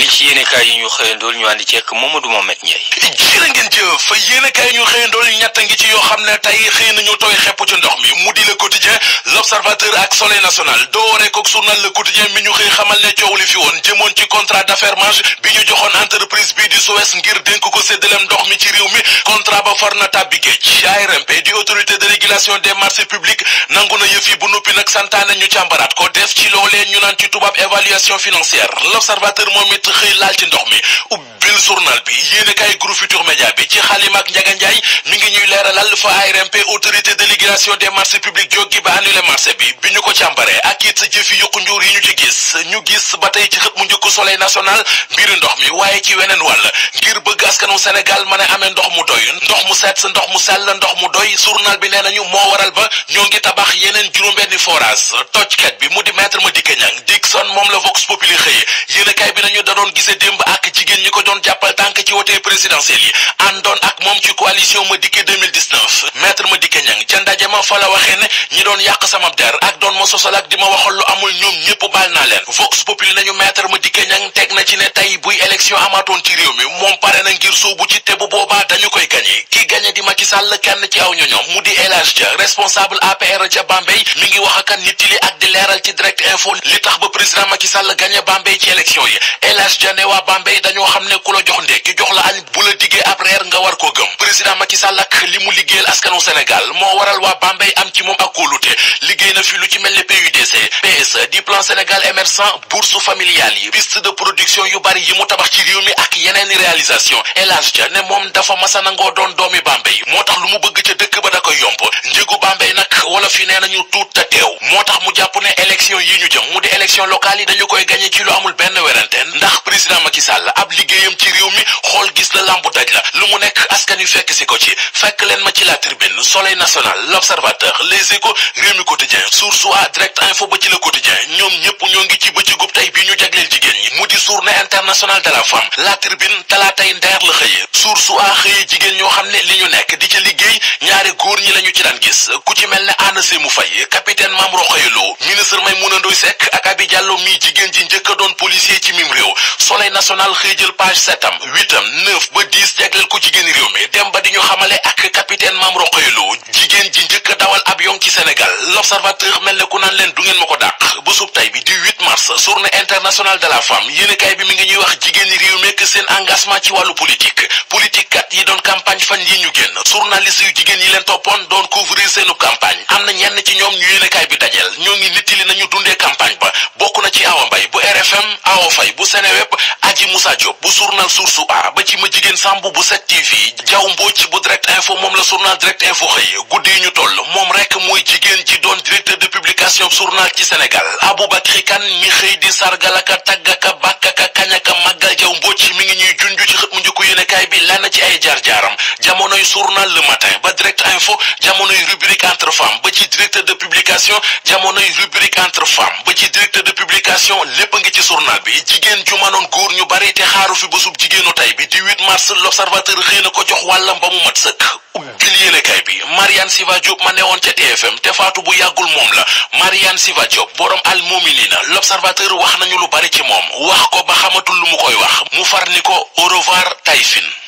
li ci yéenekaay yi ñu xëyandool ñu àndi ceek Mamadou Mohamed Ndiaye jërë ngeen jëf fa yéenekaay yi ñu xëyandool ñett ngi ci yoo xam ne tey xëy nañu tooy xepp ci ndox mi mu di le quotidien l'observateur ak soleil national dooree ko journal le quotidien mi ñu xëy xamal ne coow li fi woon jëmoon ci contrat d'affermage bi ñu joxoon entreprise bii di Suez ngir dénk ko séddaleem ndox mi ci réew mi contrat ba far na tàbbi géej ARMP di autorité de mësta xëy laal ci ndox mi ubbil journal bi yéene kaay groupe Futurs Médias bi ci xalima ak Njaga Njaay mi ngi ñuy leeralal fa ARMP autorité de régulation des marchés publics jóggi ba annulé marché bi bi ñu ko càmbaree ak it jëfi yokku njuur yi ñu ci gis ñu gis ba tey ci xët mu njëkk soleil national mbiru ndox mi waaye ci weneen wàll ngir bëgg askanu senegal mën a amee ndox mu doy ndox mu set ndox mu sell ndox mu doy journal bi nee nañu moo waral ba ñoo ngi tabax yeneen juróom-benni forage bi mu di ma dikk moom la Vox Populi xëye yéenekaay bi nañu da doon gise démb ak jigéen ñi ko doon jàppal tànk ci wote présidentiel yi àndoon ak moom ci coalition ma dikke 2019 ma dikke ñang ca ndaje ma fa la waxee ne ñi doon yàq sama der ak doon ma sosal ak di waxal lu amul ñoom ñépp baal naa leen Vox Populi nañu maître ma dikke ñang teg na ci ne tey buy élection amaatoon ci réew mi moom pare na ngir soobu ci dañu koy gagné ki gagné di Macky Sall kenn ci aw ñoñom mu di El Hadji Dia responsable APR ca Bambey mi ngi wax ak nit ak di leeral ci direct info li tax ba président ma ci sàll Sall gagné Bambey ci élection yi El Hadji Dia ne waa Bambey dañoo xam ne ku la jox ndekki jox la añ bu la diggee ab reer nga war koo gëm président Macky Sall ak li mu liggéeyal askanu Sénégal moo waral waa Bambey am ci moom ak kóolute liggéey na fi lu ci mel ni PUDC gis di Sénégal émergent bourse familiale yi piste de production yu bari yi mu tabax ci réew mi ak yeneeni réalisation élage ja ne moom dafa masa nangoo doon doomi Bambey moo tax lu mu bëgg ca dëkk ba da koy yomb njëgu Bambey nag wala fi nee nañu tuut te teew moo tax mu jàpp ne élection yi ñu jëm mu di élection locale yi dañu koy gagné ci lu amul benn werante ndax président Macky Sall ab liggéeyam ci réew mi xool gis la lambu daj la lu mu nekk askan yu fekk si ko ci fekk leen ma ci la tribune soleil national l'observateur les échos réew mi quotidien source a direct info ba ci le quotidien ñoom ñëpp ñoo ngi ci bëccëgub tey bi ñu jagleel jigéen ñi mu di journée internationale de la femme la talaatay ndeer la xëyee source a xëyee jigéen ñoo xam ne li ñu nekk di ca liggéey ñaari góor ñi la ci daan gis ku ci mel ne Anna Sémou Faye capitaine Mame Rokhaya Lo ministre Maïmouna Ndoye Seck ak Abi mi jigéen ji njëkk a doon policier ci mim réew soleil national xëy jël page septam huitam ba dix dawal avion ci Sénégal l'observateur mel ne ku naan leen du ngeen ma ko dàq bu sub tay bi du 8 mars journée internationale de la femme yéenekaay bi mi ngi ñuy wax jigéen ñi réew mekk seen engagement ci wàllu politique politique kat yi doon campagne fan yi ñu génn journaliste yu jigéen yi leen toppoon doon couvrir seenu campagne am na ñenn ci ñoom ñu yéenekaay bi dajeel ñoo ngi nittali nañu dundee campagne ba bokk na ci Awa bu RFM Awa Faye bu Seneweb Aji Moussa Diop bu journal Source ba ci ma jigéen Samb bu Set TV Jaw Mbooc bu Direct Info moom la journal Direct Info xëy guddi ñu toll moom rek mooy jigéen ji doon directeur de publication journal ci Sénégal Aboubacry Kane mi xëy di sargalaka taggaka bàkkaka kañaka màggal Jaw Mbooc mi ngi ñuy junj ci xët yéenekaay bi lan na ci ay jaar-jaaram jamonoy journal le matin ba direct info jamonoy rubrique entre femmes ba ci directeur de publication jamonoy rubrique entre femmes ba ci directeur de publication lépp a ci journal bi jigéen ju góor ñu bari te xaaru fi bésub jigéenu tey bi 18 mars l'observateur xëy na ko jox wàllam ba mu mat sëkk ubbil yéenekaay bi Marianne Siva Diop ma newoon ca TFM te faatu bu yàggul moom la Marianne Siva Diop borom al mominina l'observateur wax nañu lu bari ci moom wax ko ba xamatul lu mu koy wax mu far ni ko au xarfin